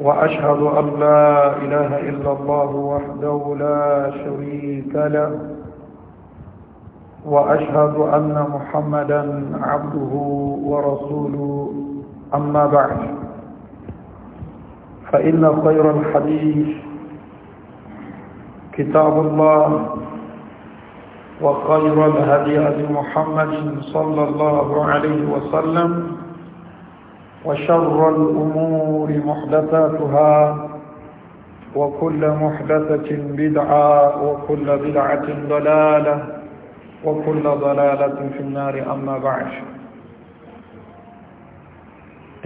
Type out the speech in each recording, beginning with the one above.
وأشهد أن لا إله إلا الله وحده لا شريك له وأشهد أن محمدا عبده ورسوله أما بعد فإن خير الحديث كتاب الله وخير الهدي محمد صلى الله عليه وسلم وشر الأمور محدثاتها وكل محدثة بدعة وكل بدعة ضلالة وكل ضلالة في النار أما بعد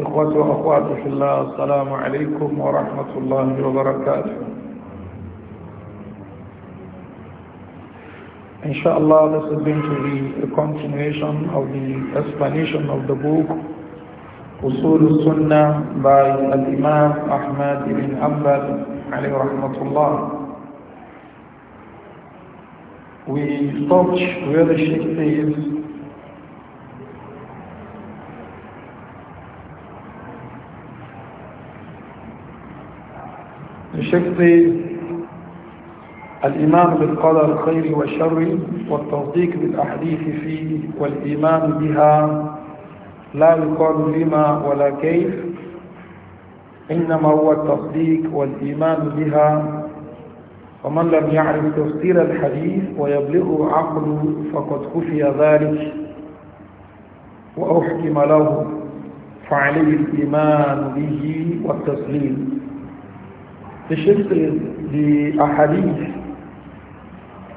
إخوة وأخوات في الله السلام عليكم ورحمة الله وبركاته Inshallah, this is going to be a continuation of the explanation of the book أصول السنة by الإمام أحمد بن حنبل عليه رحمة الله we touch where the Sheikh says the Sheikh says الإيمان بالقدر خير والشر والتصديق بالأحاديث فيه والإيمان بها لا يقال لما ولا كيف إنما هو التصديق والإيمان بها ومن لم يعرف تفسير الحديث ويبلغه عقله فقد خفي ذلك وأحكم له فعليه الإيمان به والتسليم بشكل the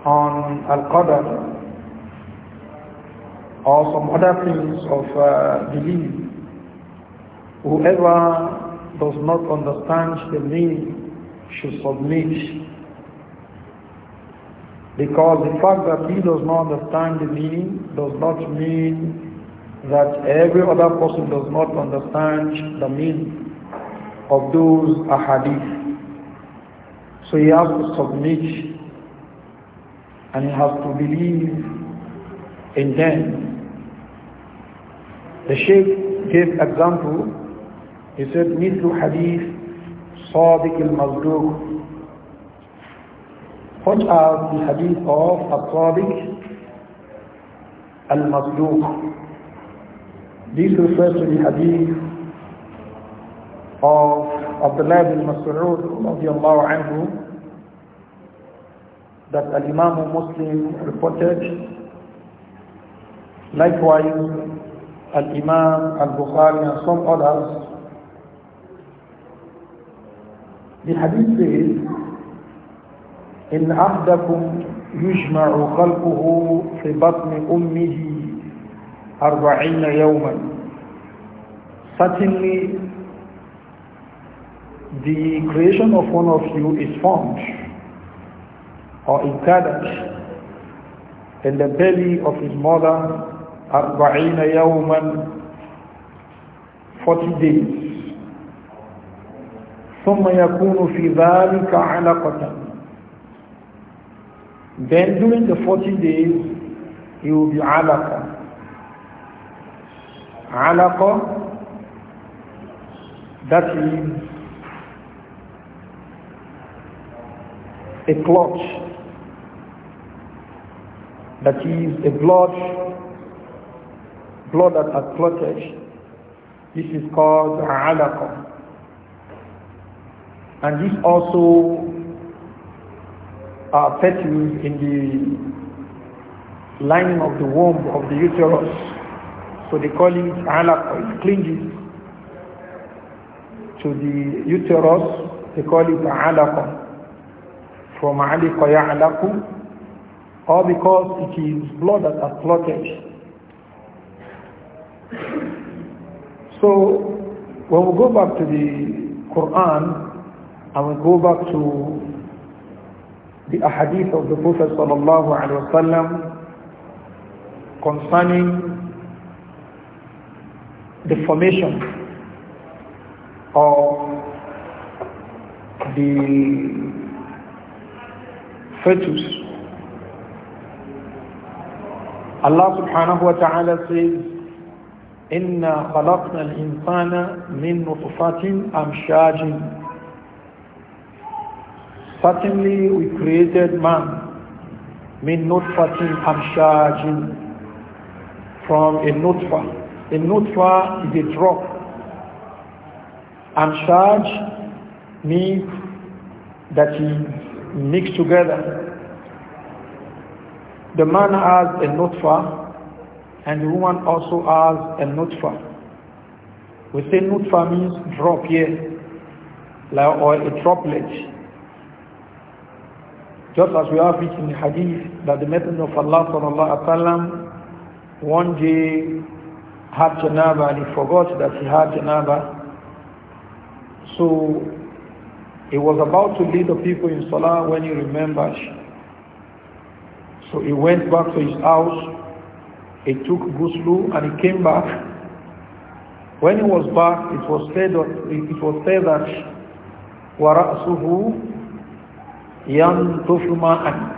عن القدر or some other things of uh, belief. Whoever does not understand the meaning should submit. Because the fact that he does not understand the meaning does not mean that every other person does not understand the meaning of those ahadith. So he has to submit and he has to believe in them the Sheikh gave example. He said, hadith حديث al المصدوق What are the hadith of a sadiq Al-Masduq. This refers to the hadith of Abdullah bin Mas'ud radiallahu anhu that Al-Imam Muslim reported. Likewise, Al-Imam, Al-Bukhari, and some others, the hadith says, إن عهدكم يجمع خلقه في بطن أمه أربعين يوما Certainly, the creation of one of you is formed or encouraged in the belly of his mother أربعين yawman 40 days thumma yakunu fi dhalika 'alaqatan then during the 40 days he will be 'alaqa 'alaqa that is a clutch that is a blood blood that has clotted. This is called alaqa. And this also uh, are petals in the lining of the womb of the uterus. So they call it alaqa. It clinges to the uterus. They call it alaqa. From alikoya ya'alaku or because it is blood that has clotted So when we go back to the Quran and we go back to the ahadith of the Prophet sallallahu alaihi wasallam concerning the formation of the fetus. Allah subhanahu wa ta'ala says Inna إنا خلقنا الإنسان من نطفة أمشاج Certainly we created man min nutfatin amshajin from a nutfa. A nutfa is a drop. Amshaj means that he mixed together. The man has a nutfa and the woman also has a nutfa. We say nutfa means drop here, like, or a droplet. Just as we have it in the hadith that the Messenger of Allah sallallahu alaihi wasallam one day had janaba and he forgot that he had janaba. So he was about to lead the people in salah when he remembered. So he went back to his house he took Guslu and he came back. When he was back, it was said, it was said that وَرَأْسُهُ يَنْتُفُ مَاءً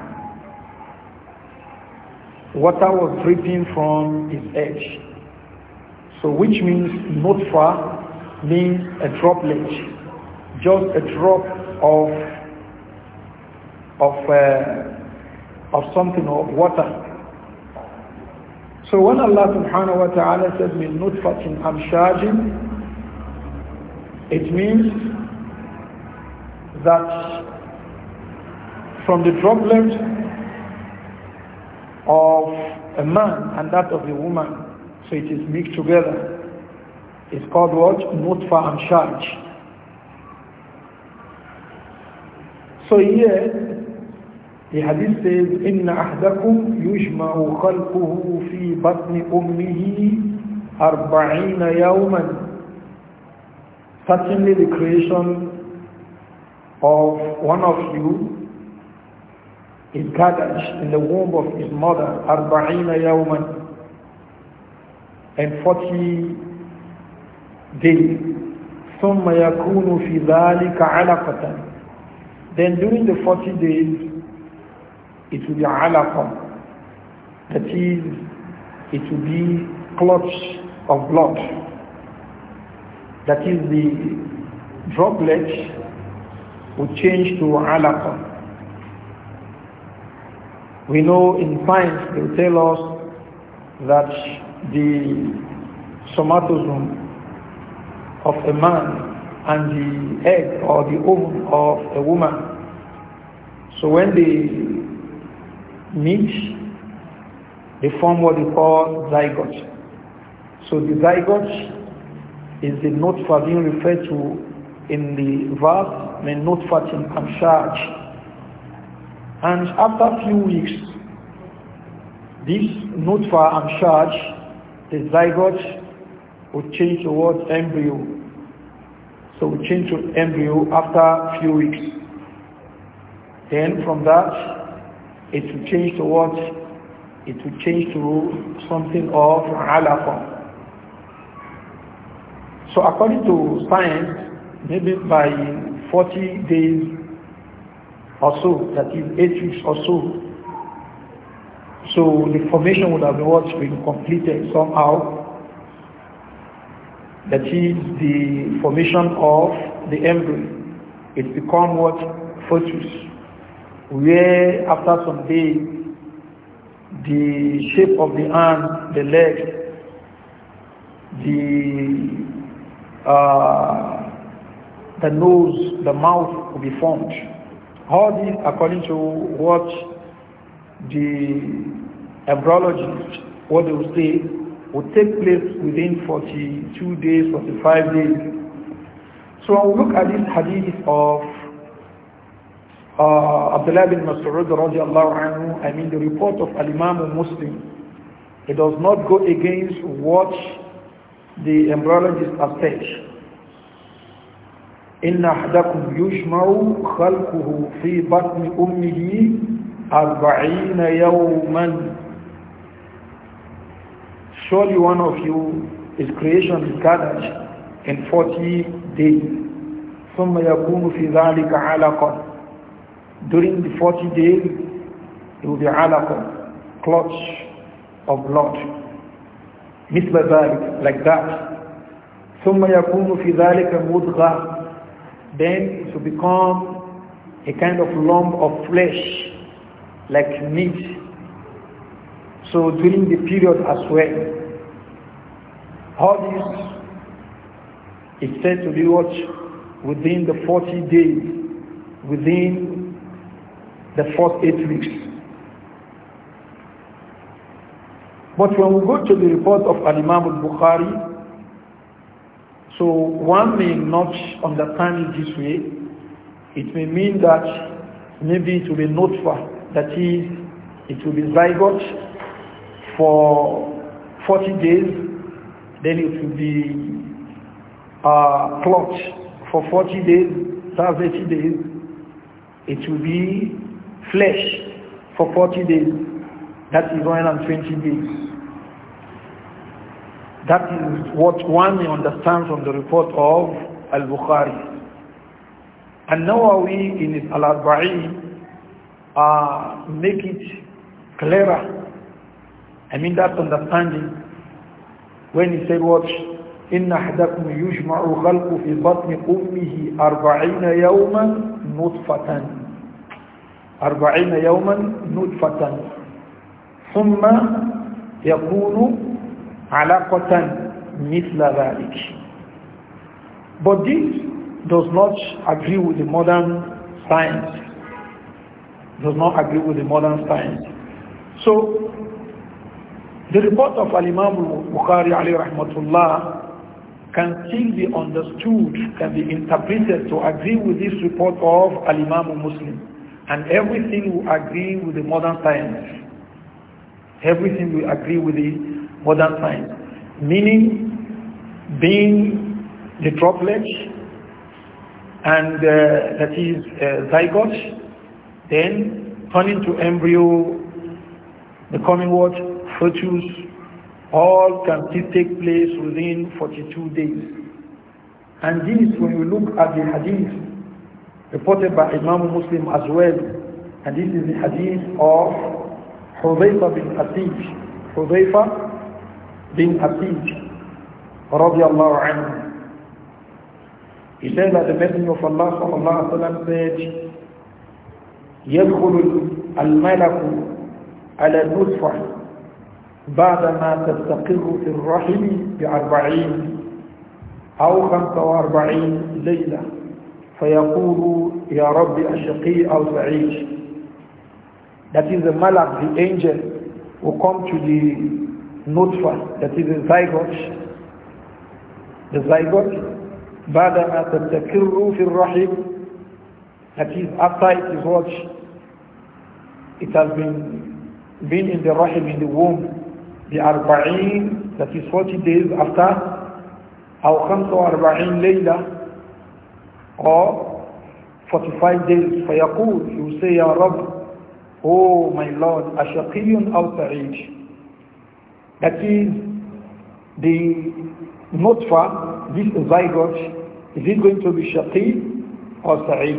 Water was dripping from his edge. So which means notfa means a droplet, just a drop of of uh, of something of water so when Allah subhanahu wa ta'ala says min nutfatin amshajin, it means that from the droplet of a man and that of a woman, so it is mixed together. It's called what? Nutfa Amshaj. So here The hadith says, إِنَّ أَحْدَكُمْ يُجْمَعُ خَلْقُهُ فِي بَطْنِ أُمِّهِ أَرْبَعِينَ يَوْمًا Certainly the creation of one of you is gathered in the womb of his mother, أَرْبَعِينَ يَوْمًا and 40 days. ثُمَّ يَكُونُ فِي ذَلِكَ عَلَقَةً Then during the 40 days, it will be alaqa. That is, it will be clots of blood. That is, the droplets will change to alaqa. We know in science they tell us that the somatosome of a man and the egg or the ovum of a woman. So when they meet, they form what we call zygote. So the zygote is the not being referred to in the verse, the nutfa in And after a few weeks, this not fertilized charge, the zygote will change towards embryo. So we change to embryo after a few weeks. Then from that, it will change to what? It will change to something of alaqa. So according to science, maybe by 40 days or so, that is 8 weeks or so, so the formation would have been what? Been completed somehow. That is the formation of the embryo. It become what? Fetus where after some days the shape of the arm, the leg, the uh, the nose, the mouth will be formed. All this, according to what the embryologist, what they will say, will take place within 42 days, 45 days. So when we look at this hadith of uh, Abdullah bin Mas'ud radiallahu anhu, I mean the report of Al-Imam Muslim, it does not go against what the embryologist has said. إِنَّ أَحْدَكُمْ يُجْمَعُ خَلْقُهُ فِي بَطْنِ أُمِّهِ أَرْبَعِينَ يَوْمًا Surely one of you, is creation is gathered in 40 days. ثُمَّ يَكُونُ فِي ذَلِكَ عَلَقًا during the 40 days, it will be alaqa, clutch of blood. مثل ذلك, like that. ثم يكون في ذلك مضغة then it will become a kind of lump of flesh like meat so during the period as well all this is said to be what within the 40 days within the first eight weeks. But when we go to the report of Al-Imam al-Bukhari, so one may not understand it this way. It may mean that maybe it will be notfa, that is, it will be zygote for 40 days, then it will be uh, clot for 40 days, 30 days, it will be flesh for 40 days. That is 120 days. That is what one may understand from the report of Al-Bukhari. And now we in Al-Arba'in uh, make it clearer. I mean that understanding when he said what إن أحدكم يجمع خلقه في بطن أمه أربعين يوما نطفة أربعين يوما نطفة ثم يكون علاقة مثل ذلك But this does not agree with the modern science. Does not agree with the modern science. So, the report of Al-Imam Bukhari alayhi rahmatullah can still be understood, can be interpreted to agree with this report of Al-Imam Muslim. And everything will agree with the modern times. Everything will agree with the modern times, Meaning, being the droplet, and uh, that is uh, zygote, then turning to embryo, becoming what? Fetus, all can still take place within 42 days. And this, when you look at the hadith reported by Imam Muslim as well. And this is the hadith of Hudayfa bin Atij. Hudayfa bin Atij. radiallahu anhu. He said that the Messenger of Allah sallallahu alayhi wa sallam said, يدخل الملك على النطفة بعدما تستقر في الرحم بأربعين أو خمسة وأربعين ليلة فيقول يا رب أشقي أو سعيد That is the malak, the angel, who come to the nutfa, that is the zygote. The zygote, بعد ما تستقر في الرحم that is after it is what it has been been in the rahim in the womb the arba'in that is 40 days after أو 45 ليلة or 45 days فيقول he will say Ya رب oh my Lord أشقي al سعيد that is the nutfa this zygote is it going to be shaqi or sa'id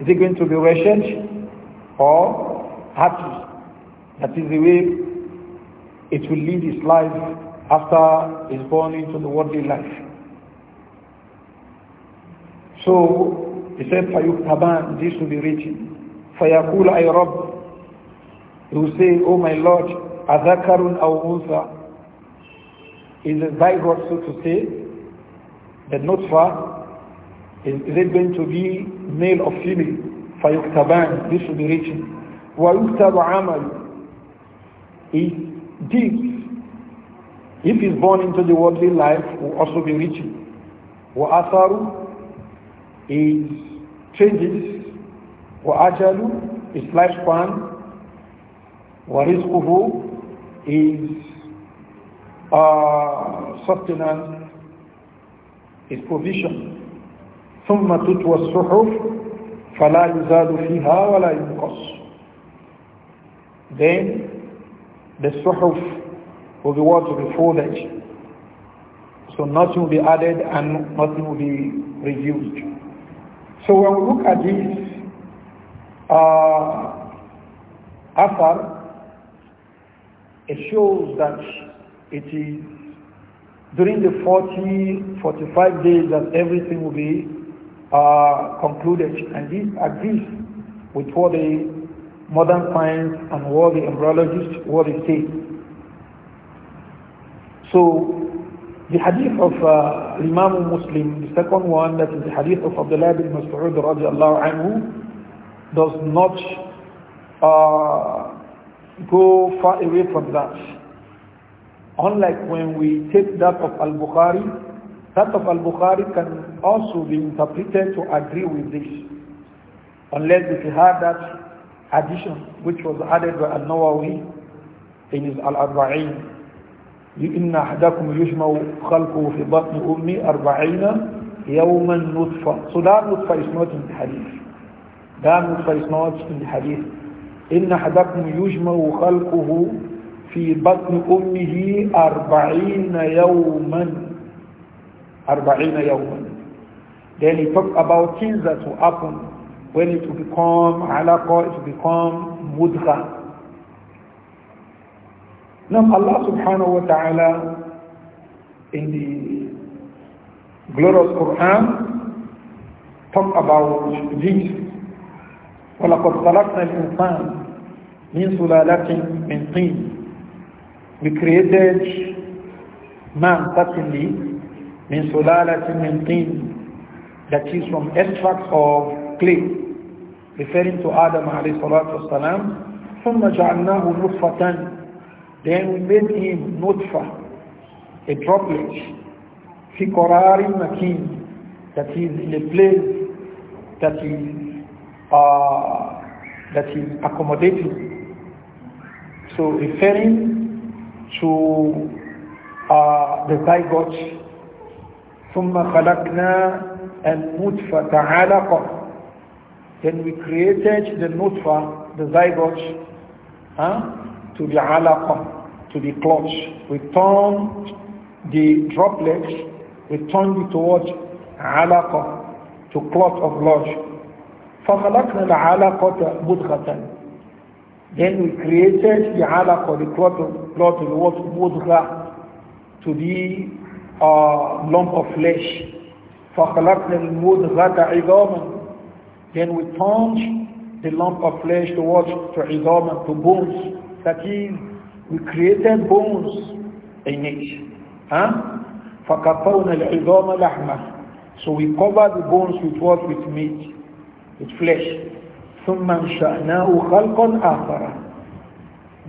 is it going to be wretched or happy that is the way it will lead his life after he's born into the worldly life so he said, Fayuktaban, this will be written. Fayakul ay Rabb. He will say, Oh my Lord, Adhakarun aw unsa. Is a zygote, so to say, But not is, is it going to be male or female? Fayuktaban, this will be written. ويكتب Amal, his deeds if he's born into the worldly life will also be written وأثر is changes ajalu is lifespan ورزقه is uh, sustenance is provision ثم تتوى الصحف فلا يزال فيها ولا ينقص then the suhuf will be what will be folded so nothing will be added and nothing will be reduced so when we look at this uh, it shows that it is during the 40, 45 days that everything will be uh, concluded. And this agrees with what the modern science and what the embryologists, what they say. So the hadith of uh, Imam Muslim, the second one, that is the hadith of Abdullah bin Mas'ud radiallahu anhu, does not uh, go far away from that. Unlike when we take that of Al-Bukhari, that of Al-Bukhari can also be interpreted to agree with this. Unless if you had that addition, which was added by Al-Nawawi in his Al-Arba'in, إن أحدكم يجمع خلقه في بطن أمي أربعين يوما نطفة so that نطفة is not in the hadith that نطفة is not in the hadith إن أحدكم يجمع خلقه في بطن أمه أربعين يوما أربعين يوما then he talked about things that will happen when it will become علاقة it will become mudra. Now Allah subhanahu wa ta'ala in the glorious Quran talk about this. وَلَقَدْ خَلَقْنَا الْإِنسَانَ مِنْ سُلَالَةٍ مِنْ طِينٍ We created man certainly من سلالة من طين that is from extracts of clay referring to Adam عليه الصلاة والسلام ثم جعلناه نطفة Then we made him nutfa, a droplet, fi that he that is in a place that is, uh, is accommodating. So referring to uh, the zygote, ثم خلقنا النطفة علقة Then we created the nutfa, the zygote, huh? to the alaqa, to the clutch. We turn the droplets, we turn it towards alaqa, to clot of blood. فَخَلَقْنَا الْعَلَقَةَ مُدْغَةً Then we created the alaqa, the clot of blood, towards the mudgha, to the a uh, lump of flesh. فَخَلَقْنَا الْمُدْغَةَ عِظَامًا Then we turned the lump of flesh towards to عظام, to bones. That is, we created bones in it. Huh? So we cover the bones with what? With meat, with flesh. ثُمَّ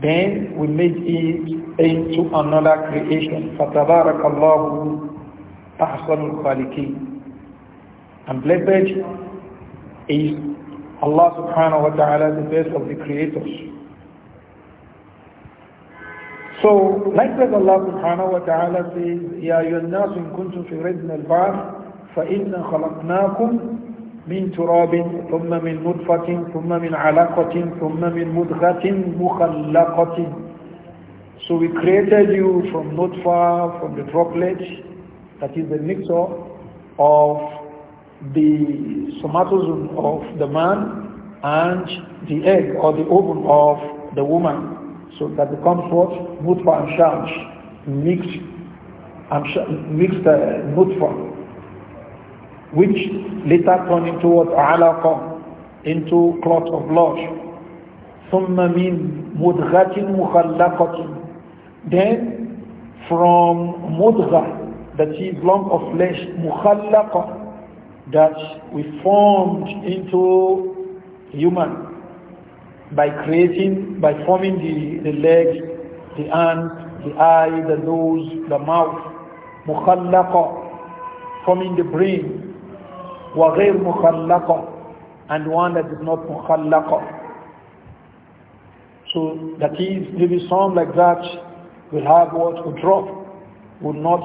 Then we made it into another creation. فَتَبَارَكَ اللَّهُ أَحْسَنُ الْخَالِقِينَ And blessed is Allah subhanahu wa ta'ala, the best of the creators. So, likewise Allah subhanahu wa ta'ala says, يَا أَيُّهَا النَّاسُ إِن كُنتُمْ فِي رَيْبٍ مِّنَ الْبَعْثِ فَإِنَّا خَلَقْنَاكُمْ من تراب ثم من نطفة ثم من علقة ثم من مدغة مخلقة So we created you from nutfa, from the droplet, that is the mixture of the somatosome of the man and the egg or the ovum of the woman. So that becomes what? Mutfa and Shams. Mixed, mixed uh, Mutfa. Which later turned into what? Alaqa. Into cloth of blood. ثم من مدغة مخلقة. Then from mudghah, that is lump of flesh, مخلقة, that we formed into human by creating, by forming the, the legs, the hands, the eye, the nose, the mouth, مخلقة, forming the brain, وغير مخلقة, and one that is not مخلقة. So that is, maybe some like that will have what will drop, will not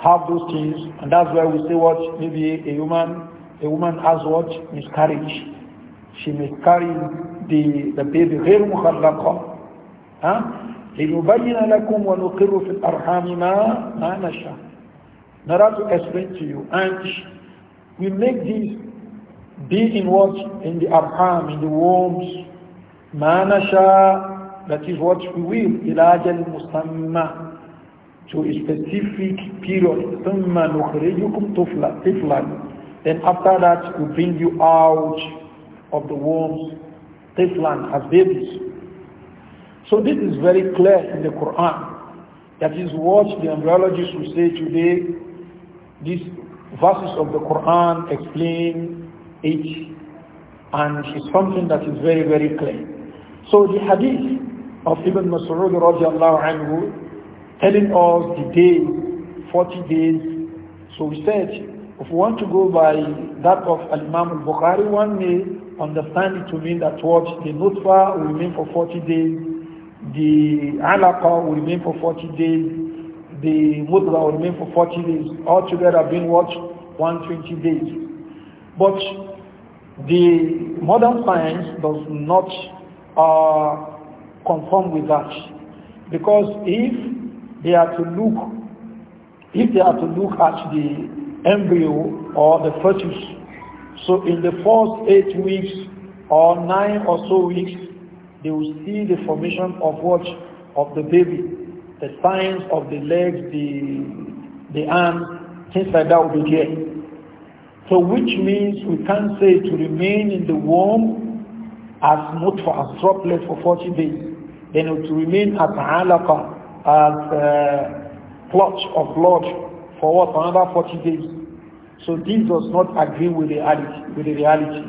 have those things, and that's why we say what maybe a woman, a woman has what miscarriage. She miscarries بيد غير مخلقة ها لنبين لكم ونقر في الأرحام ما ما نشاء نرى to explain to you and we make this be in what in the arham in the wombs ما نشاء that is what we will إلى أجل مسمى to a specific period ثم نخرجكم طفلا طفلا then after that we bring you out of the wombs land as babies. So this is very clear in the Quran. That is what the embryologists will say today. These verses of the Quran explain it. And it's something that is very, very clear. So the hadith of Ibn Mas'ud radiallahu anhu telling us the day, 40 days. So we said, if we want to go by that of Al-Imam al-Bukhari, one may understand it to mean that what the nutfa will remain for 40 days, the alaqa will remain for 40 days, the mudra will remain for 40 days, all together being what? 120 days. But the modern science does not uh, conform with that. Because if they are to look, if they are to look at the embryo or the fetus so in the first eight weeks or nine or so weeks, they will see the formation of what? Of the baby. The signs of the legs, the, the arms, things like that will be there. So which means we can't say to remain in the womb as not for a droplet for 40 days. Then it will remain as alaka as a uh, clutch of blood for what? Another 40 days. So this does not agree with reality. With the reality.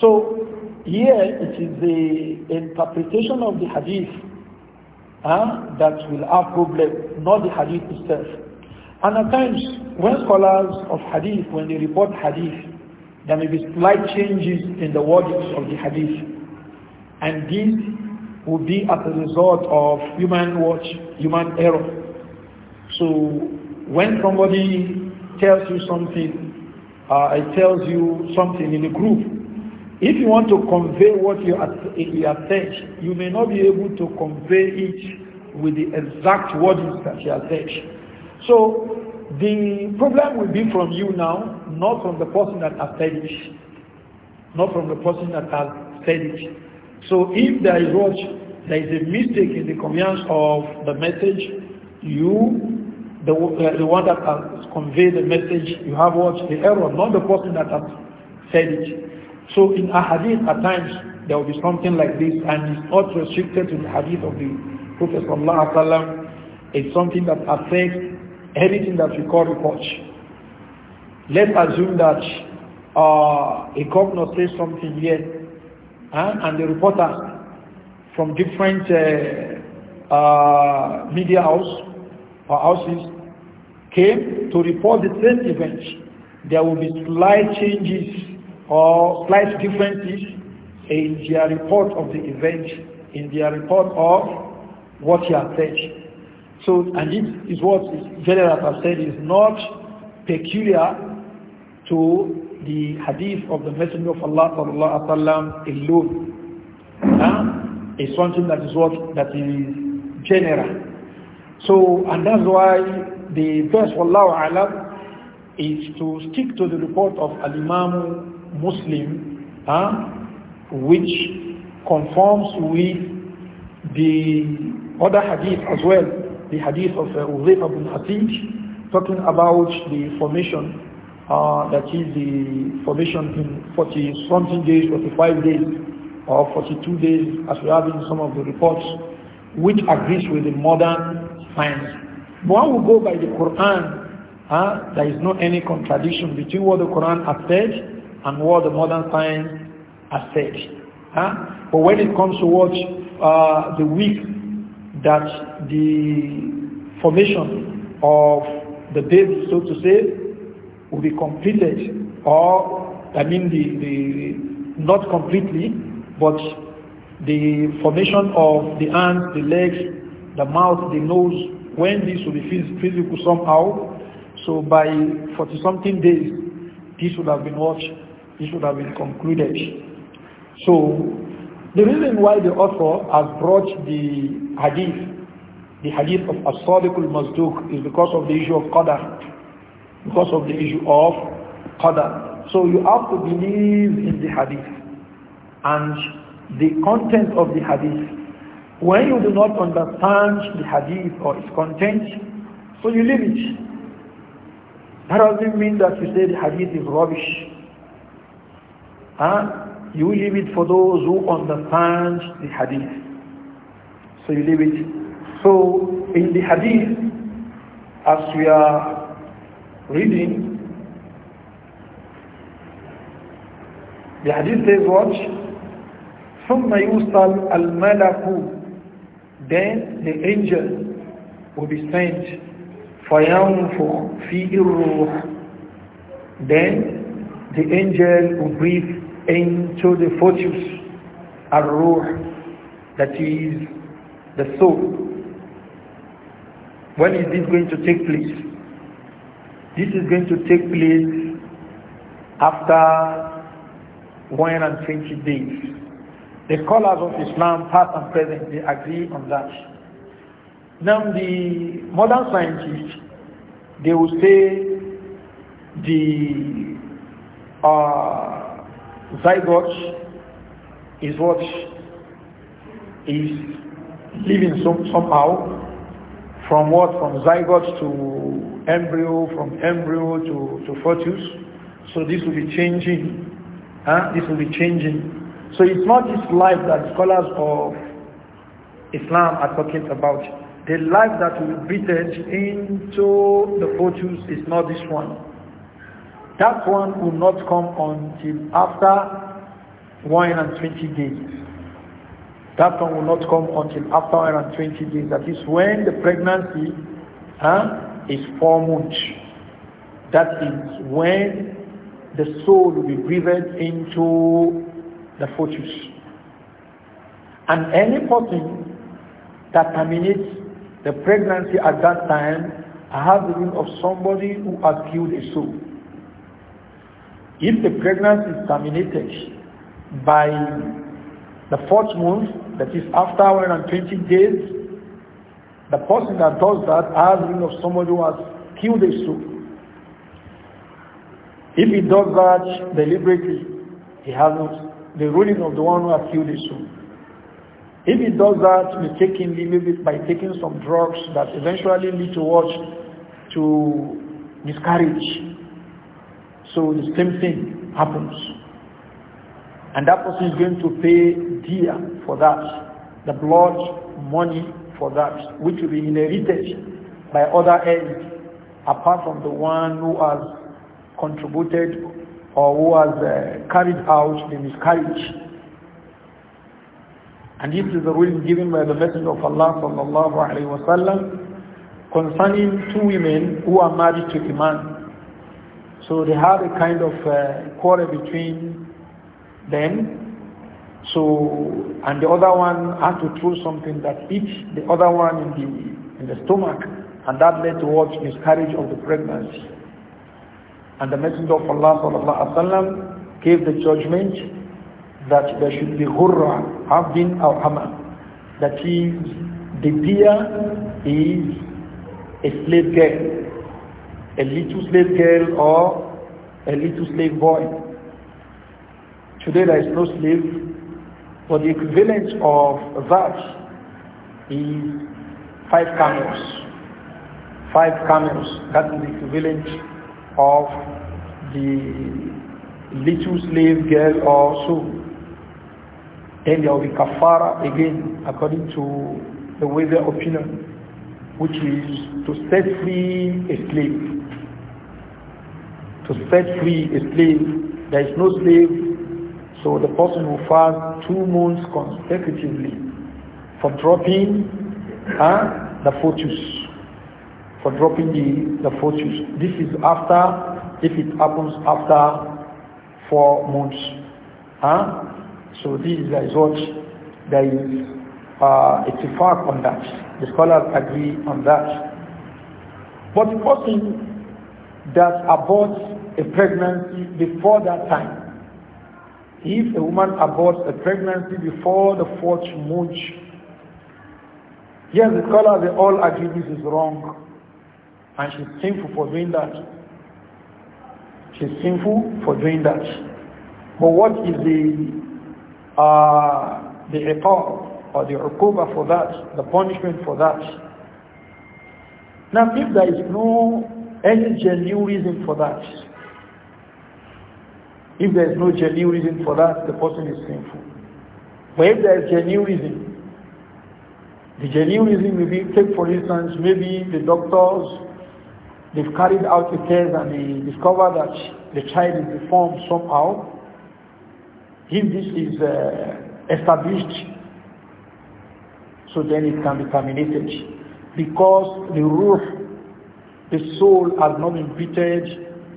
So here it is the interpretation of the hadith huh, that will have problem, not the hadith itself. And at times, when scholars of hadith, when they report hadith, there may be slight changes in the wordings of the hadith. And this will be as a result of human watch, human error. So when somebody tells you something, uh, it tells you something in a group. If you want to convey what you have said, you may not be able to convey it with the exact words that you have said. So the problem will be from you now, not from the person that has said it. Not from the person that has said it. So if there is what there is a mistake in the conveyance of the message, you, the, uh, the one that has convey the message, you have watched The error, not the person that has said it. So in a hadith at times, there will be something like this, and it's not restricted to the hadith of the Prophet Sallallahu It's something that affects everything that we call report. Let's assume that uh, a governor says something here, huh? and the reporter from different uh, uh, media house or houses came to report the same event, there will be slight changes or slight differences in their report of the event, in their report of what he has said. So, and this is what General has said is not peculiar to the hadith of the Messenger of Allah sallallahu alaihi alone. Huh? It's something that is what that is general. So, and that's why the best wallahu alam is to stick to the report of al-imam muslim huh, which conforms with the other hadith as well the hadith of uh, Uzayf ibn Hatij talking about the formation uh, that is the formation in 40 something days 45 days or 42 days as we have in some of the reports which agrees with the modern science one will go by the Quran. Huh? There is no any contradiction between what the Quran has said and what the modern science has said. Huh? But when it comes to what uh, the week that the formation of the baby, so to say, will be completed, or I mean the, the not completely, but the formation of the arms, the legs, the mouth, the nose, when this will be physical somehow, so by 40 something days, this would have been watched, this would have been concluded. So the reason why the author has brought the hadith, the hadith of As-Sadiq al is because of the issue of Qadar, because of the issue of Qadar. So you have to believe in the hadith and the content of the hadith when you do not understand the hadith or its content, so you leave it. That doesn't mean that you say the hadith is rubbish. Huh? You leave it for those who understand the hadith. So you leave it. So in the hadith, as we are reading, the hadith says what? ثم يوصل الملك then the angel will be sent فَيَنْفُخْ فِي الرُّوحِ Then the angel will breathe into the fortress ruh that is the soul. When is this going to take place? This is going to take place after 120 days. The scholars of Islam, past and present, they agree on that. Now, the modern scientists, they will say the uh, zygote is what is living some, somehow from what from zygote to embryo from embryo to, to fetus so this will be changing huh? this will be changing so it's not this life that scholars of Islam are talking about. The life that will be breathed into the foetus is not this one. That one will not come until after 120 days. That one will not come until after 120 days. That is when the pregnancy huh, is four months. That is when the soul will be breathed into the fortunes. And any person that terminates the pregnancy at that time has the will of somebody who has killed a soul. If the pregnancy is terminated by the fourth month, that is after 120 days, the person that does that has the will of somebody who has killed a soul. If he does that deliberately, he has no the ruling of the one who has killed his If he does that mistakenly, maybe by taking some drugs that eventually lead to what? To miscarriage. So the same thing happens. And that person is going to pay dear for that. The blood, money for that, which will be inherited by other heirs, apart from the one who has contributed or who has uh, carried out the miscarriage. And this is the ruling given by the Messenger of Allah sallallahu alaihi wasallam concerning two women who are married to a man. So they have a kind of uh, quarrel between them. So and the other one had to throw something that hit the other one in the in the stomach, and that led towards miscarriage of the pregnancy. And the Messenger of Allah sallallahu wasallam gave the judgment that there should be hurra, abdin al hama. That is, the deer is a slave girl, a little slave girl or a little slave boy. Today there is no slave, but the equivalent of that is five camels. Five camels, that is the equivalent of the little slave girl or so. Then there will be kafara again according to the way their opinion, which is to set free a slave. To set free a slave, there is no slave so the person will fast two months consecutively for dropping uh, the fortunes for dropping the, the fortunes. This is after, if it happens after four months. Huh? So this is the result. There is uh, it's a fact on that. The scholars agree on that. But the person that aborts a pregnancy before that time, if a woman aborts a pregnancy before the fourth month, yes, the scholars they all agree this is wrong. And she's sinful for doing that. She's sinful for doing that. But what is the uh, the iqab or the uquba for that, the punishment for that? Now if there is no any genuine reason for that, if there is no genuine reason for that, the person is sinful. But if there is genuine reason, the genuine reason may be, take for instance, maybe the doctors they've carried out the test and they discover that the child is deformed somehow, if this is uh, established, so then it can be terminated. Because the ruh, the soul has not been fitted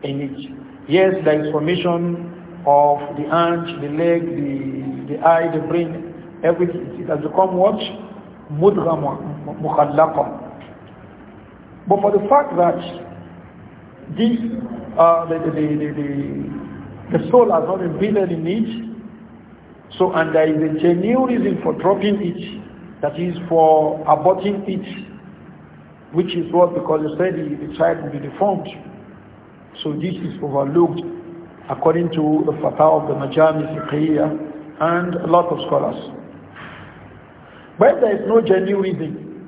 in it. Yes, there is formation of the hand, the leg, the, the eye, the brain, everything. It has become what? Mudra mukhallaqa. But for the fact that this, uh, the, the, the, the, soul has not been in need. So, and there is a genuine reason for dropping it, that is for aborting it, which is what, because you said the, the child will be deformed. So this is overlooked according to the fatwa of the Majami Fiqhiyya and a lot of scholars. But there is no genuine reason,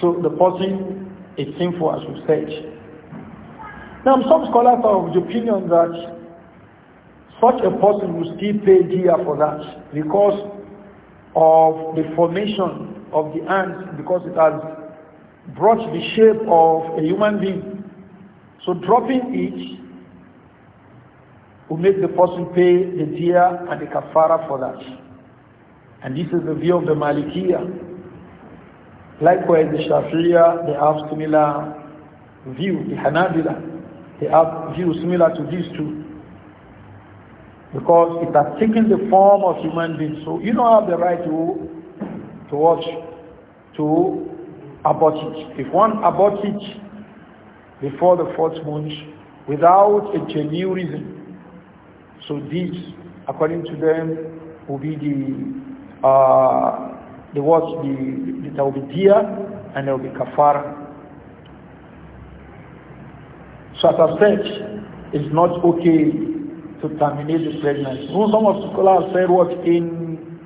so the person is sinful as we said. Now, some scholars are of the opinion that such a person will still pay dia for that because of the formation of the ant, because it has brought the shape of a human being. So dropping it will make the person pay the dia and the kafara for that. And this is the view of the Malikiya. Likewise, the Shafi'iyah, they have similar view, the Hanabila. They have views similar to these two. Because it has taken the form of human beings. So you don't have the right to, to watch, to abort it. If one abort it before the fourth month without a genuine reason, so this, according to them, will be the uh, the what the, that will be deer and there will be kafara. So as said, it's not okay to terminate the pregnancy. Some of scholars said what in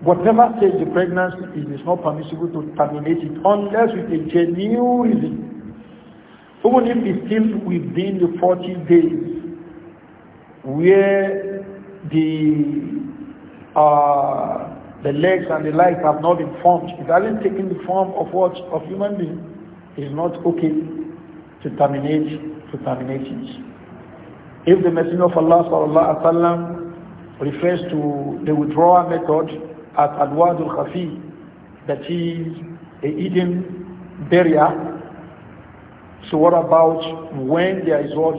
whatever stage the pregnancy it is not permissible to terminate it unless with a genuine reason. Even if it's still within the 40 days where the uh, the legs and the legs have not been formed. It hasn't taken the form of what? Of human being. It's not okay to terminate to terminate it. If the Messenger of Allah sallallahu alaihi wasallam refers to the withdrawal method as adwadul khafi, that is a hidden barrier. So what about when there is what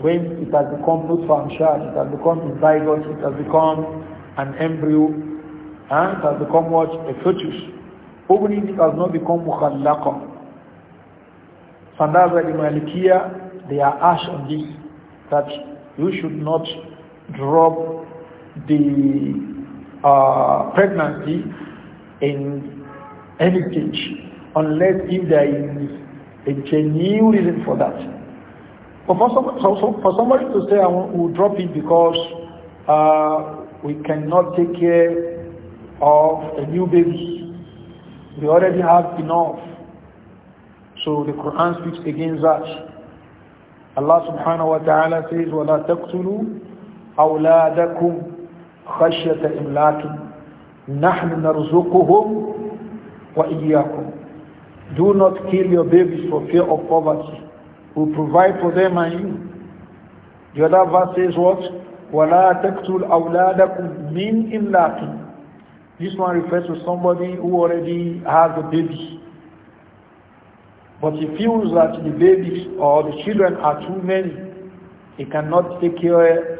when it has become nutfa amshad, it has become zygote, it has become an embryo, and it has become what a fetus. Even it has not become mukhallaqa, Fandaza the they are ash on this, that you should not drop the uh, pregnancy in any stage unless if there is a genuine reason for that. But for, some, for, for somebody to say, I will drop it because uh, we cannot take care of a new baby, we already have enough so the Quran speaks against that. Allah subhanahu wa ta'ala says, وَلَا تَقْتُلُوا أَوْلَادَكُمْ خَشْيَةَ إِمْلَاكٍ نَحْنُ نَرْزُقُهُمْ وَإِيَّاكُمْ Do not kill your babies for fear of poverty. We provide for them and you. The other verse says what? وَلَا تَقْتُلْ أَوْلَادَكُمْ مِنْ إِمْلَاكٍ This one refers to somebody who already has a baby but he feels that the babies or the children are too many. He cannot take care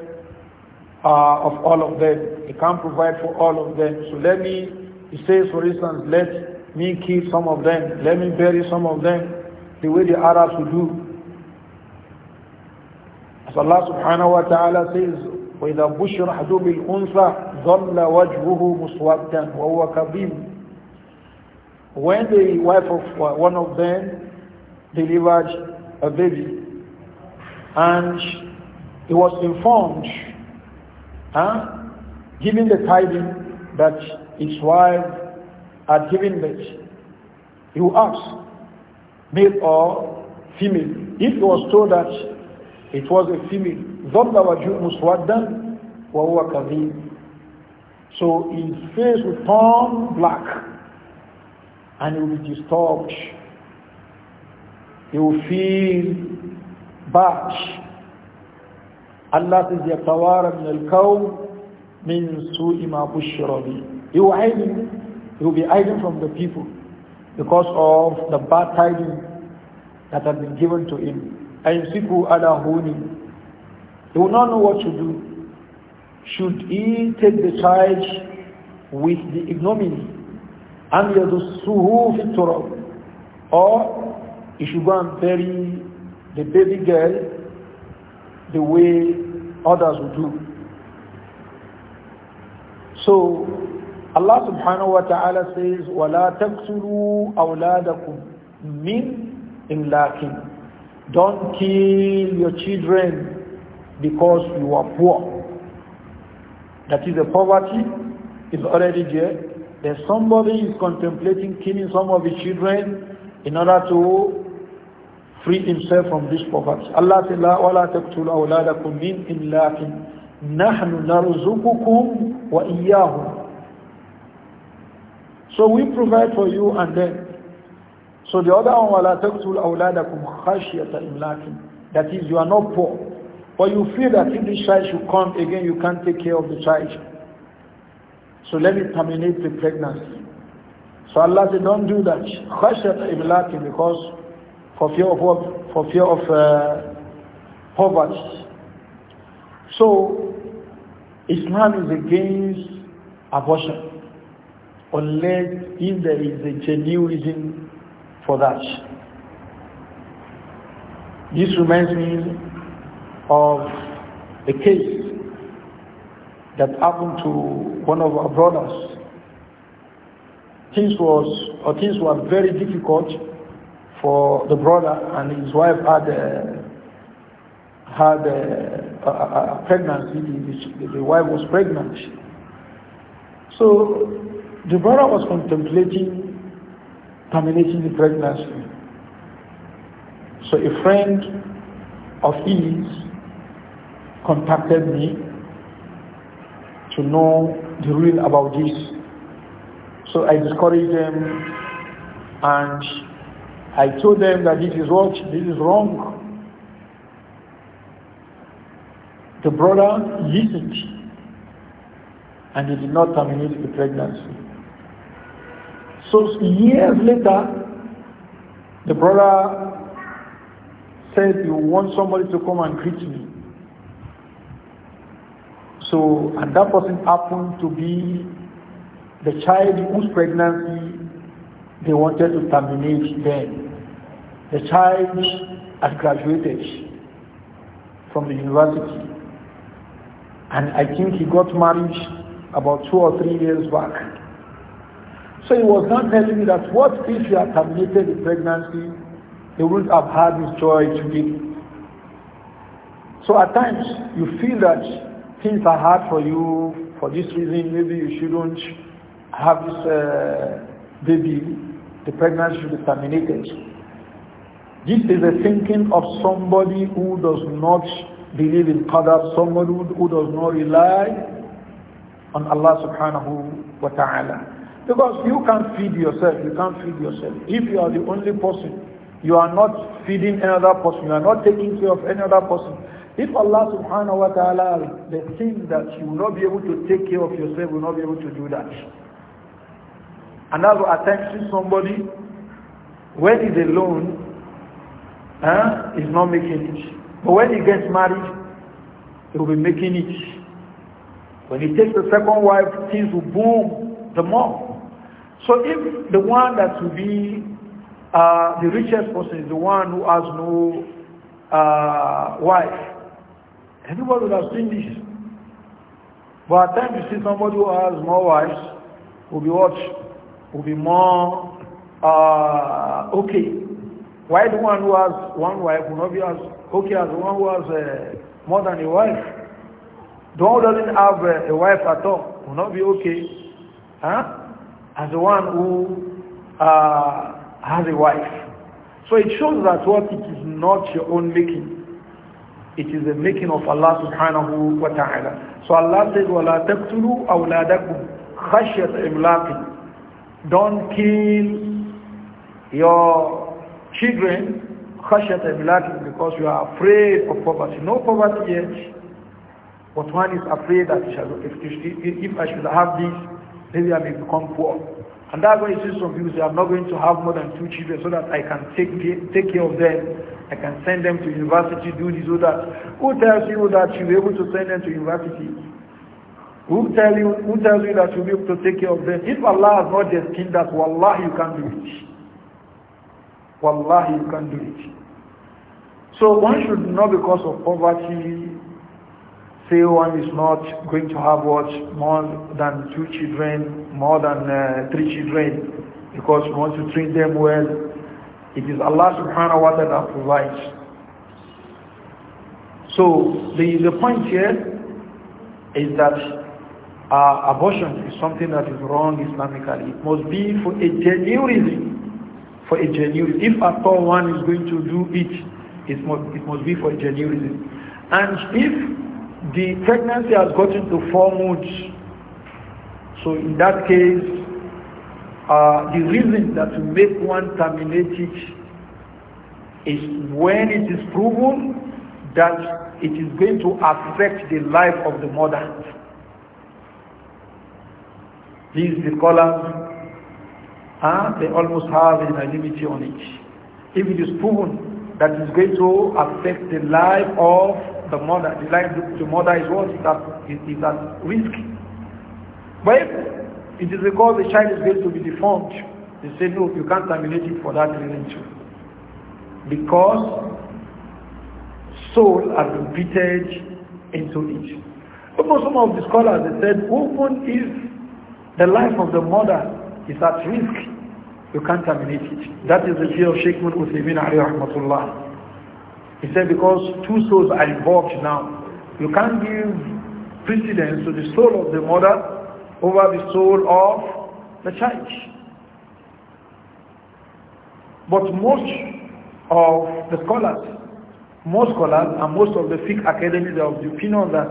uh, of all of them. He can't provide for all of them. So let me, he says, for instance, let me keep some of them. Let me bury some of them the way the Arabs would do. As Allah subhanahu wa ta'ala says, وإذا بشر أحد بالأنثى ظل وجهه مسودا وهو كظيم when the wife of one of them delivered a baby and he was informed, huh, given the tidings that his wife had given birth. He will ask, male or female. If he was told that it was a female, So his face will turn black and he will be disturbed he will feel bad. Allah says, يَتَوَارَ مِنَ الْكَوْمِ مِنْ سُوءِ مَا بُشِّرَ He will hide He will be hiding from the people because of the bad tidings that have been given to him. أَيْمْسِكُ عَلَى هُونٍ He will not know what to do should he take the charge with the ignominy and yadussuhu fi turab or you should go and bury the baby girl the way others would do. So Allah subhanahu wa ta'ala says, وَلَا تَقْتُلُوا أَوْلَادَكُمْ مِنْ إِمْلَاكٍ Don't kill your children because you are poor. That is the poverty is already there. There's somebody is contemplating killing some of his children in order to free himself from this poverty. Allah said, وَلَا أَوْلَادَكُمْ مِنْ إِمْلَاكٍ نَحْنُ نَرْزُقُكُمْ وَإِيَّاهُمْ So we provide for you and them. So the other one, وَلَا تَقْتُلُ أَوْلَادَكُمْ خَشْيَةَ إِمْلَاكٍ That is, you are not poor. But you feel that if this child should come again, you can't take care of the child. So let me terminate the pregnancy. So Allah said, don't do that. خَشْيَةَ إِمْلَاكٍ Because for fear of what? For fear of uh, poverty. So, Islam is against abortion unless if there is a genuine reason for that. This reminds me of a case that happened to one of our brothers. Things was or things were very difficult for the brother and his wife had uh, uh, a, had a, a, a pregnancy, the, the wife was pregnant. So the brother was contemplating terminating the pregnancy. So a friend of his contacted me to know the real about this. So I discouraged them and I told them that this is what, this is wrong. The brother listened and he did not terminate the pregnancy. So years later, the brother said, you want somebody to come and greet me. So, and that person happened to be the child whose pregnancy they wanted to terminate then. The child has graduated from the university and I think he got married about two or three years back. So he was not telling me that what if he had terminated the pregnancy, he wouldn't have had his joy today. So at times you feel that things are hard for you for this reason, maybe you shouldn't have this uh, baby, the pregnancy should be terminated. This is the thinking of somebody who does not believe in Qadar, somebody who does not rely on Allah subhanahu wa ta'ala. Because you can't feed yourself, you can't feed yourself. If you are the only person, you are not feeding another person, you are not taking care of another person. If Allah subhanahu wa ta'ala, the thing that you will not be able to take care of yourself, will not be able to do that. Another attention somebody, when he's alone, huh, is not making it. But when he gets married, he will be making it. When he takes the second wife, things will boom the more. So if the one that will be uh, the richest person is the one who has no uh, wife, everybody would have seen this. But at times you see somebody who has more wives will be what? Will be more uh, okay why the one who has one wife will not be as okay as the one who has uh, more than a wife? The one who doesn't have uh, a wife at all will not be okay huh? as the one who uh, has a wife. So it shows that what it is not your own making. It is the making of Allah subhanahu wa ta'ala. So Allah says, وَلَا تَقْتُلُوا أَوْلَادَكُمْ خَشْيَةَ إِمْلَاقٍ Don't kill your Children, khashyat imlakin because you are afraid of poverty. No poverty yet, but one is afraid that shall, if, if I should have this, maybe I may become poor. And that's why you see some people say, I'm not going to have more than two children so that I can take, take care of them. I can send them to university, do this or that. Who tells you that you'll be able to send them to university? Who, tell you, who tells you that you'll be able to take care of them? If Allah has not destined that, Wallah, you can't do it. Wallahi, you can do it. So one should not, because of poverty, say one is not going to have what more than two children, more than uh, three children, because we want to treat them well. It is Allah subhanahu wa ta'ala provides. So the, the point here is that uh, abortion is something that is wrong Islamically. It must be for a genuine reason for a genuine if at all one is going to do it it must, it must be for a genuine reason and if the pregnancy has gotten to four months so in that case uh, the reason that to make one terminate it is when it is proven that it is going to affect the life of the mother. These the scholars Ah, they almost have an anonymity on it. If it is proven that it's going to affect the life of the mother, the life of the mother is what is at, is at risk. But if it is because the child is going to be deformed, they say no, you can't terminate it for that reason too. Because soul has been fitted into it. But for some of the scholars, they said, even if the life of the mother is at risk, you can't terminate it. That is the view of Sheikh Mun Uthaymin rahmatullah. He said because two souls are involved now. You can't give precedence to the soul of the mother over the soul of the child. But most of the scholars, most scholars and most of the fiqh academies are of the opinion that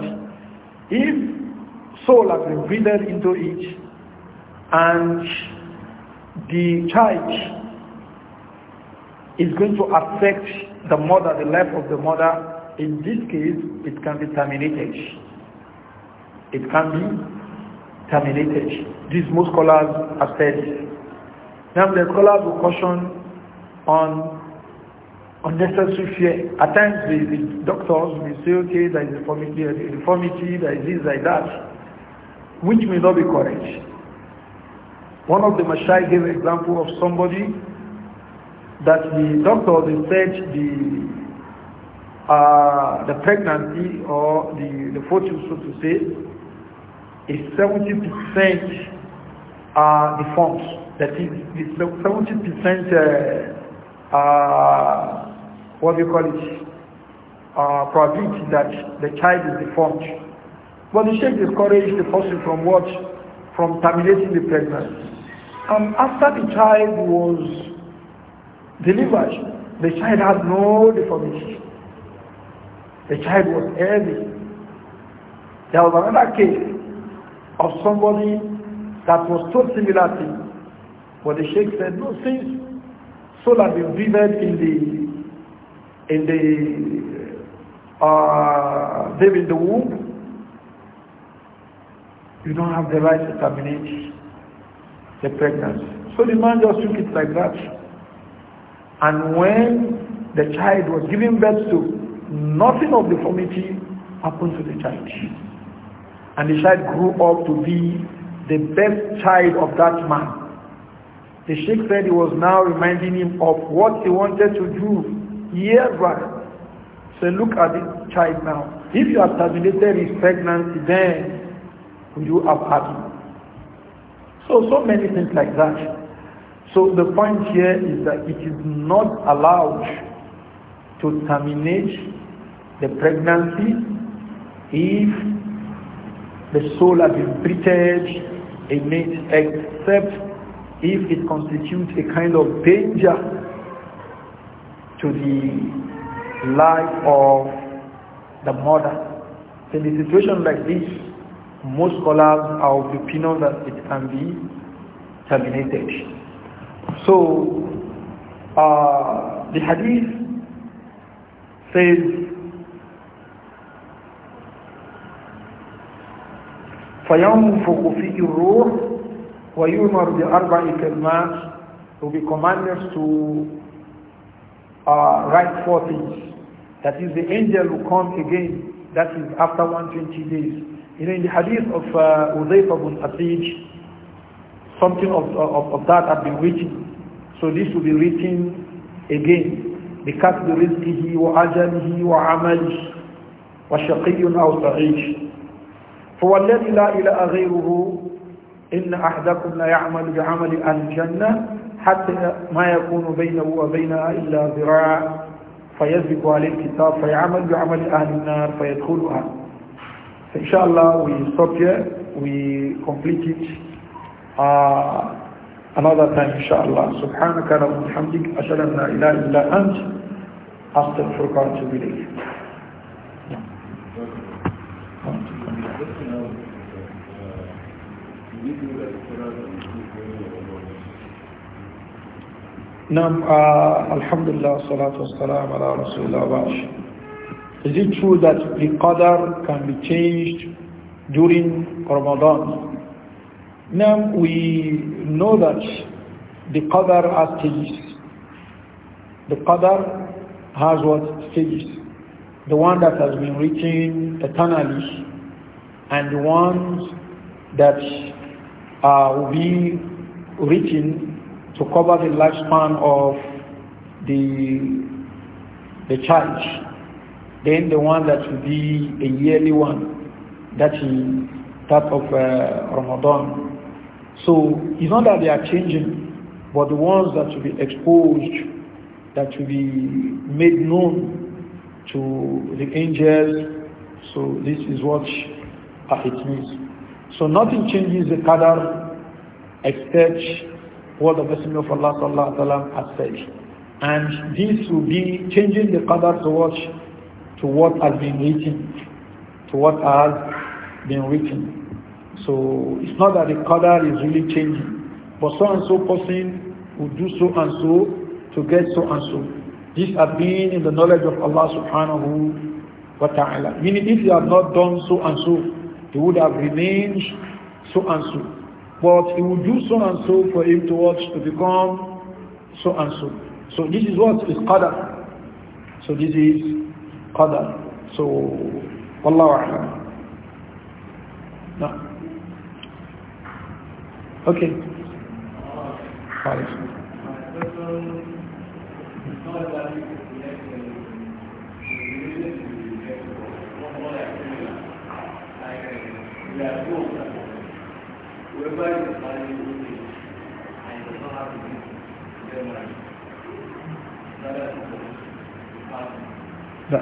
if soul has been breathed into it and the child is going to affect the mother, the life of the mother, in this case, it can be terminated. It can be terminated. These most scholars have said. Now the scholars will caution on unnecessary fear. At times the, the doctors will say, okay, there is deformity, there is this, there is that, which may not be correct. One of the Mashai gave an example of somebody that the doctor they said the uh, the pregnancy or the, the fortune, so to say, is 70% uh, deformed. That is, 70% uh, uh, what do you call it? Uh, probability that the child is deformed. But the Sheikh discouraged the person from what? from terminating the pregnancy. And after the child was delivered, the child had no deformity. The child was healthy. There was another case of somebody that was so similar to what But the Sheikh said, no, since soul has been driven in the in the uh, in the womb, you don't have the right to terminate the pregnancy. So the man just took it like that. And when the child was giving birth to, nothing of deformity happened to the child. And the child grew up to be the best child of that man. The sheikh said he was now reminding him of what he wanted to do years back. So look at this child now. If you have terminated his pregnancy, then you have had. So, so many things like that. So the point here is that it is not allowed to terminate the pregnancy if the soul has been treated in it except if it constitutes a kind of danger to the life of the mother. In a situation like this, most scholars are of the opinion that it can be terminated. So uh, the hadith says فينفخ فيه الروح ويؤمر بأربع كلمات to be commanded to uh, write four things. That is the angel will come again. That is after 120 days. You know, in the hadith of uh, Uzayfa bin Asij, something of, uh, of, of that had been written. So this will be written again. بِكَسْبِ رِزْقِهِ وَأَجَلِهِ وَعَمَلِهِ وَشَقِيٌّ أَوْ سَعِيدٌ فوالذي لا إله غيره إن أحدكم لا يعمل بعمل أهل الجنة حتى ما يكون بينه وبينها إلا ذراع فيسبق عليه الكتاب فيعمل بعمل أهل النار فيدخلها Inshallah, we stop here. We complete it uh, another time, inshallah. Subhanaka wa bihamdik. Ashhadu an la ilaha illa ant. Astaghfiruka wa atubu ilayk. Nam, uh, alhamdulillah, salatu wassalam ala rasulillah wa is it true that the qadar can be changed during Ramadan? Now we know that the qadar has stages. The qadar has what stages? The one that has been written eternally and the ones that uh, will be written to cover the lifespan of the the church then the one that will be a yearly one, that is that of uh, Ramadan. So it's not that they are changing, but the ones that will be exposed, that will be made known to the angels, so this is what uh, it means. So nothing changes the qadar except what the Messenger of Allah sallallahu has said. And this will be changing the qadar to watch to what has been written, to what has been written. So it's not that the qadar is really changing, but so and so person will do so and so to get so and so. These have been in the knowledge of Allah subhanahu wa ta'ala. Meaning if you have not done so and so, you would have remained so and so. But he would do so and so for him to watch to become so and so. So this is what is qadar. So this is qadar so wallahu a'lam نعم okay خالص لا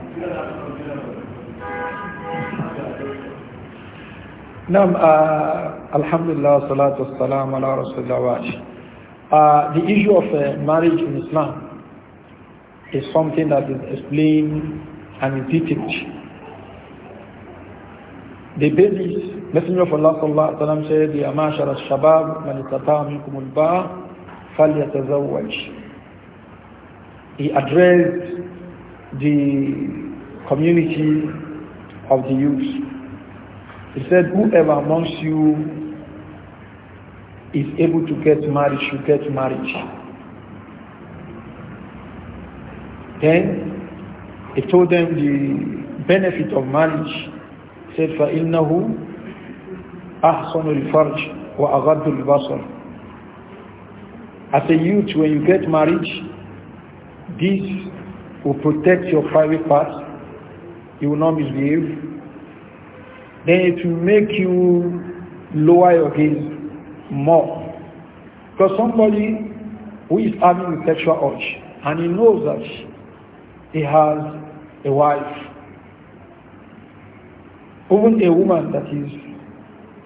نعم آه Now, uh, Alhamdulillah, salatu wassalam ala Rasulullah uh, The issue of uh, marriage in Islam is something that is explained and repeated. The basis, Messenger of Allah sallallahu alayhi wa sallam said, يَا مَعْشَرَ الشَّبَابِ مَنِ اسْتَطَاعَ مِنْكُمُ الْبَاءَ فَلْيَتَزَوَّجْ He addressed the community of the youth. He said, whoever amongst you is able to get married should get married. Then he told them the benefit of marriage. He said, فَإِنَّهُ أَحْصَنُ الْفَرْجِ وَأَغَدُّ الْبَصَرِ As a youth, when you get married, this will protect your private parts you will not misbehave. Then it will make you lower your gaze more. Because somebody who is having a sexual urge and he knows that he has a wife, even a woman that is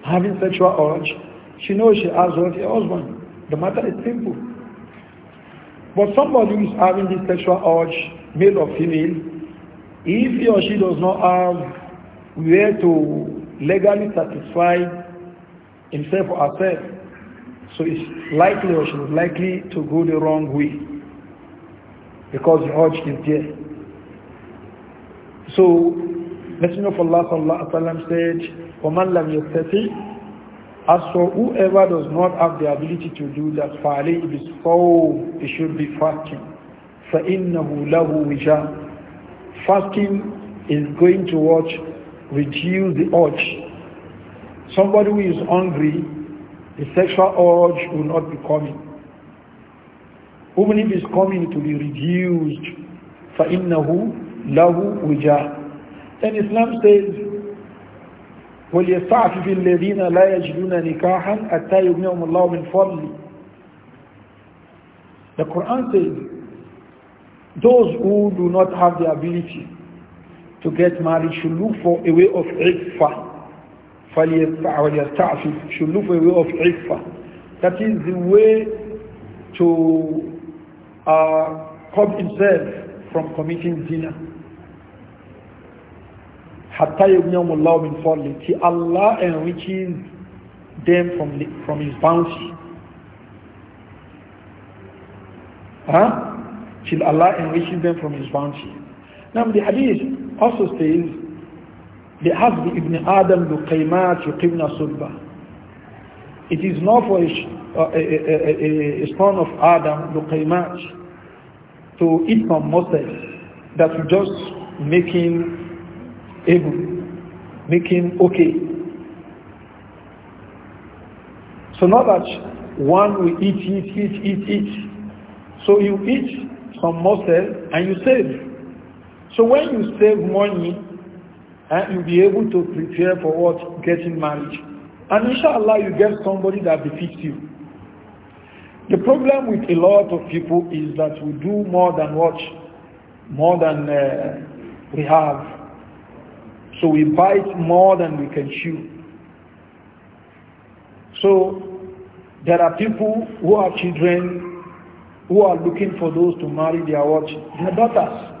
having sexual urge, she knows she has already a husband. The matter is simple. But somebody who is having this sexual urge, male or female, if he or she does not have where to legally satisfy himself or herself, so it's likely or she is likely to go the wrong way because the urge is there. So, Messenger of Allah sallallahu alaihi wasallam said, "Oman lam yastati." As for whoever does not have the ability to do that, فَعَلَيْهِ بِالصَّوْمِ he should be fasting. فَإِنَّهُ لَهُ وِجَاءٌ fasting is going to watch reduce the urge. Somebody who is hungry, the sexual urge will not be coming. Even if it's coming, to be reduced. فَإِنَّهُ لَهُ وِجَاء Then Islam says, وليستعفف الذين لا يجدون نكاحا حتى يغنيهم الله من فضله The Quran says those who do not have the ability to get married should look for a way of iffah. Should look for a way of ifa. That is the way to uh, himself from committing zina. حَتَّى يُغْنِيَهُمُ اللَّهُ مِنْ فَضْلِهِ Allah enriches them from, from His bounty. Huh? till Allah enriches them from His bounty. Now the hadith also says, "The بِحَزْبِ ibn Adam لُقَيْمَاتْ يُقِبْنَا sulba." It is not for a, a, a, a son of Adam, لُقَيْمَاتْ, to eat from Moses, that will just make him able, make him okay. So not that one will eat, eat, eat, eat, eat. So you eat some and you save. So when you save money, eh, you'll be able to prepare for what? Getting married. And inshallah, you get somebody that befits you. The problem with a lot of people is that we do more than what? More than uh, we have. So we bite more than we can chew. So there are people who have children who are looking for those to marry their watch, Their daughters.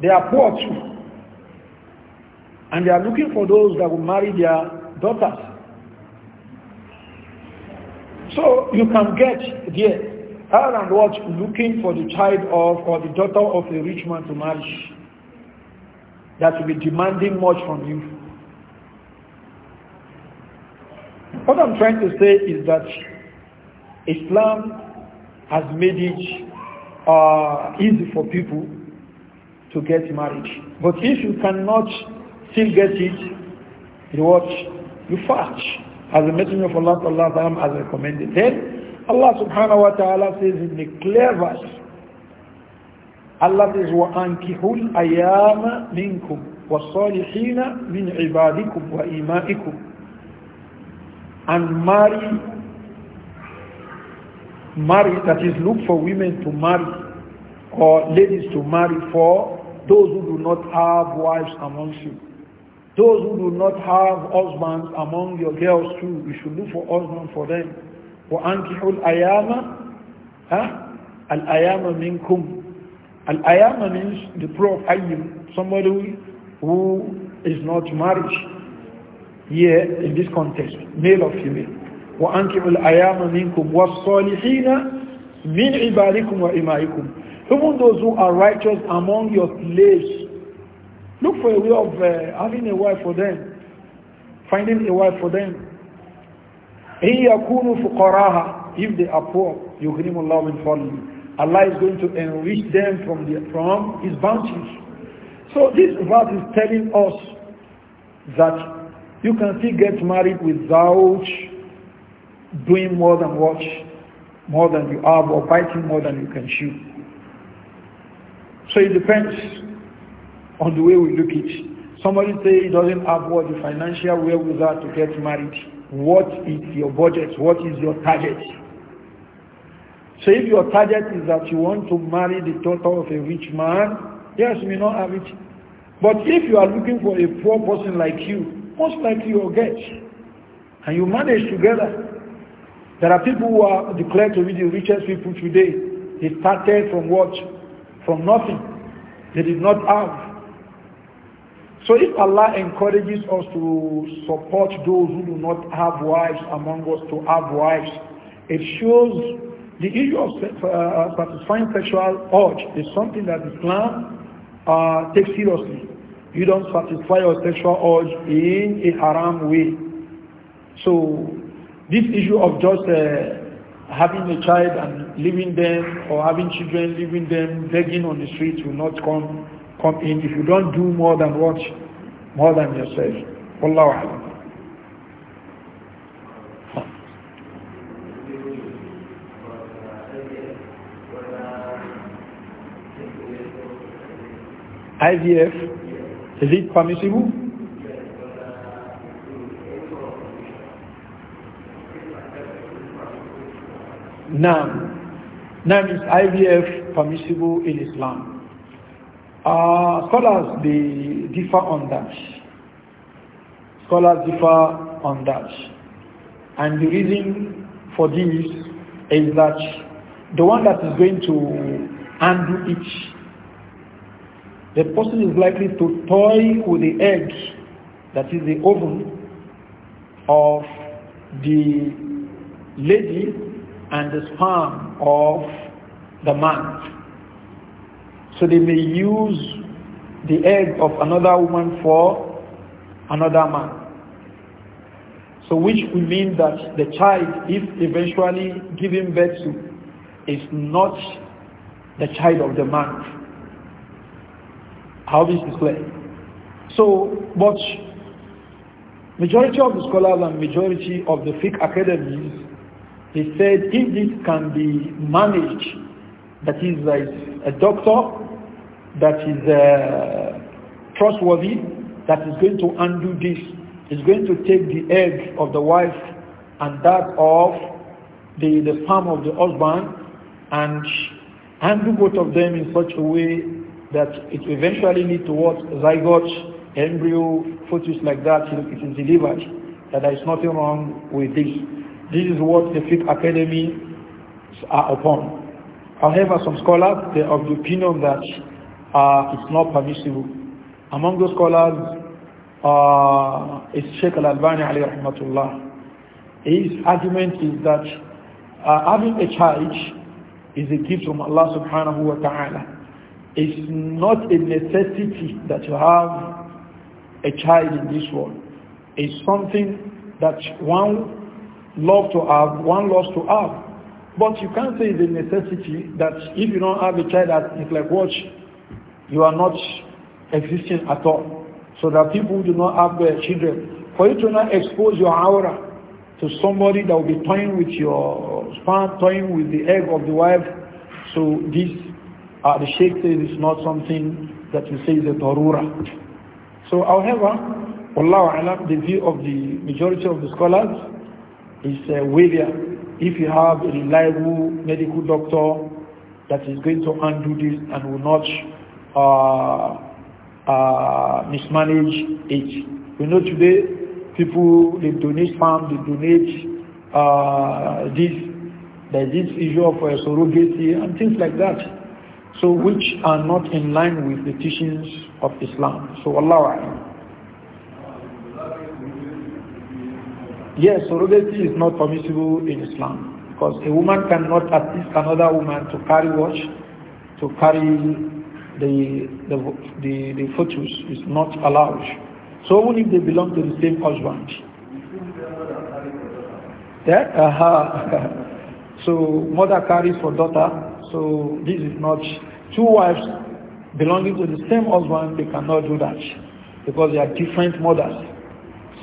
They are poor too. And they are looking for those that will marry their daughters. So you can get there rather and watch, looking for the child of or the daughter of a rich man to marry. That will be demanding much from you. What I'm trying to say is that Islam has made it uh, easy for people to get married. But if you cannot still get it, you watch, you fast, as the Messenger of Allah Allah has recommended. Then Allah subhanahu wa ta'ala says in the clear verse, Allah says, وَأَنْكِحُوا الْأَيَامَ مِنْكُمْ وَالصَّالِحِينَ مِنْ عِبَادِكُمْ وَإِمَائِكُمْ And marry marry, that is, look for women to marry or ladies to marry for those who do not have wives amongst you. Those who do not have husbands among your girls too, you should look for husbands for them. وَأَنْكِحُوا الْأَيَامَ Al-Ayama minkum. Al-Ayama means the pro of Ayyim, somebody who is not married here in this context, male or female. وأنكحوا الأيام منكم والصالحين من عبادكم وإمائكم Even those who are righteous among your slaves, look for a way of uh, having a wife for them, finding a wife for them. إن يكونوا فقراها if they are poor يغنم الله من فضله Allah is going to enrich them from, the, from His bounties. So this verse is telling us that you can still get married without doing more than what more than you have or biting more than you can chew. So it depends on the way we look it. Somebody say he doesn't have what the financial wherewithal to get married. What is your budget? What is your target? So if your target is that you want to marry the daughter of a rich man, yes, you may not have it. But if you are looking for a poor person like you, most likely you'll get. And you manage together. There are people who are declared to be the richest people today. They started from what? From nothing. They did not have. So if Allah encourages us to support those who do not have wives among us to have wives, it shows the issue of uh, satisfying sexual urge is something that Islam uh, takes seriously. You don't satisfy your sexual urge in a haram way. So this issue of just uh, having a child and leaving them or having children leaving them begging on the streets will not come come in if you don't do more than what more than yourself. Wallahu alam. IVF, is it permissible? Now, now is IVF permissible in Islam? Uh, scholars they differ on that. Scholars differ on that. And the reason for this is that the one that is going to handle it, the person is likely to toy with the egg that is the ovum of the lady and the sperm of the man. So they may use the egg of another woman for another man. So which will mean that the child, if eventually given birth to, is not the child of the man. How this is clear. So, but majority of the scholars and majority of the fiqh academies he said if this can be managed, that is a, a doctor that is uh, trustworthy, that is going to undo this, is going to take the egg of the wife and that of the, the sperm of the husband and handle both of them in such a way that it eventually lead towards zygote, embryo, fetus like that, it is delivered, that there is nothing wrong with this. This is what the fifth Academy are upon. However, some scholars they are of the opinion that uh, it's not permissible. Among those scholars uh, is Sheikh Al-Albani alayhi rahmatullah. His argument is that uh, having a child is a gift from Allah subhanahu wa ta'ala. It's not a necessity that you have a child in this world. It's something that one love to have, one loves to have. But you can't say the a necessity that if you don't have a child that is like watch, you are not existing at all. So that people do not have their children. For you to not expose your aura to somebody that will be toying with your sperm, toying with the egg of the wife. So this, uh, the Sheikh says is not something that you say is a torura. So however, Allah Alam, the view of the majority of the scholars is uh, wavier. If you have a reliable medical doctor that is going to undo this and will not uh, uh, mismanage it. We know today people, they donate sperm, they donate uh, this, this issue of uh, surrogacy and things like that. So which are not in line with the teachings of Islam. So Allah Yes, surrogacy is not permissible in Islam because a woman cannot assist another woman to carry watch, to carry the the the, the fetus is not allowed. So even if they belong to the same husband. Yeah? Uh -huh. so mother carries for daughter. So this is not two wives belonging to the same husband. They cannot do that because they are different mothers.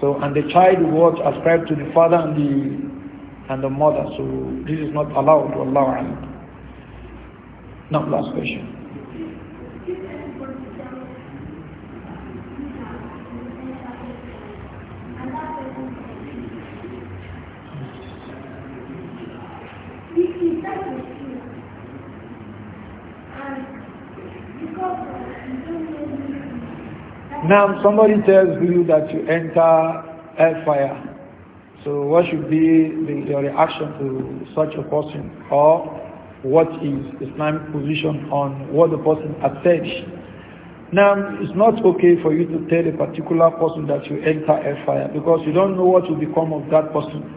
So, and the child was ascribed to the father and the and the mother. So this is not allowed to allow. Now, last question. Now, somebody tells you that you enter hellfire. So what should be the, your reaction to such a person or what is Islamic position on what the person has said? Now, it's not okay for you to tell a particular person that you enter hellfire because you don't know what will become of that person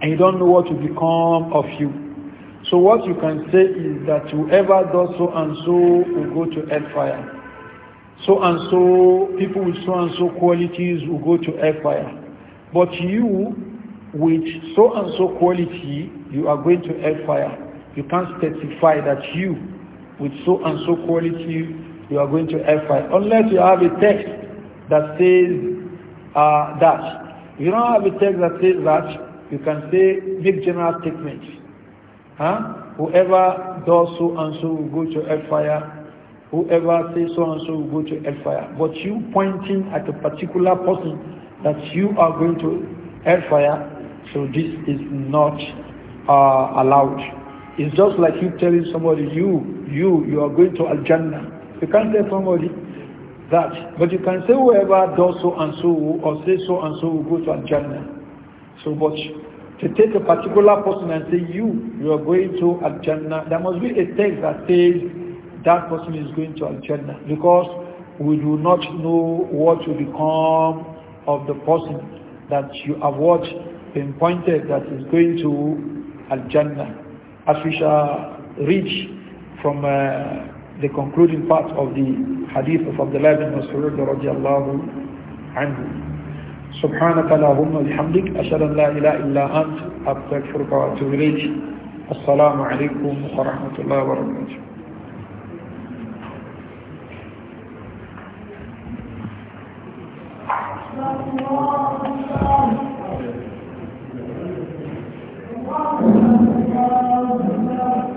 and you don't know what will become of you. So what you can say is that whoever does so and so will go to hellfire so and so people with so and so qualities will go to hellfire. But you with so and so quality, you are going to hellfire. You can't specify that you with so and so quality, you are going to hellfire. Unless you have a text that says uh, that. If you don't have a text that says that, you can say, make general statements. Huh? Whoever does so and so will go to hellfire whoever says so and so will go to hellfire. But you pointing at a particular person that you are going to hellfire, so this is not uh, allowed. It's just like you telling somebody, you, you, you are going to Al-Jannah. You can't tell somebody that. But you can say whoever does so and so or says so and so will go to Al-Jannah. So much. To take a particular person and say, you, you are going to Al-Jannah, there must be a text that says, that person is going to Al-Jannah because we do not know what will become of the person that you have watched been pointed that is going to Al-Jannah as we shall reach from uh, the concluding part of the hadith of Abdullah bin Mas'ud radiallahu anhu سبحانك اللهم وبحمدك أشهد أن لا إله إلا أنت أستغفرك وأتوب إليك السلام عليكم ورحمة الله وبركاته Thank you.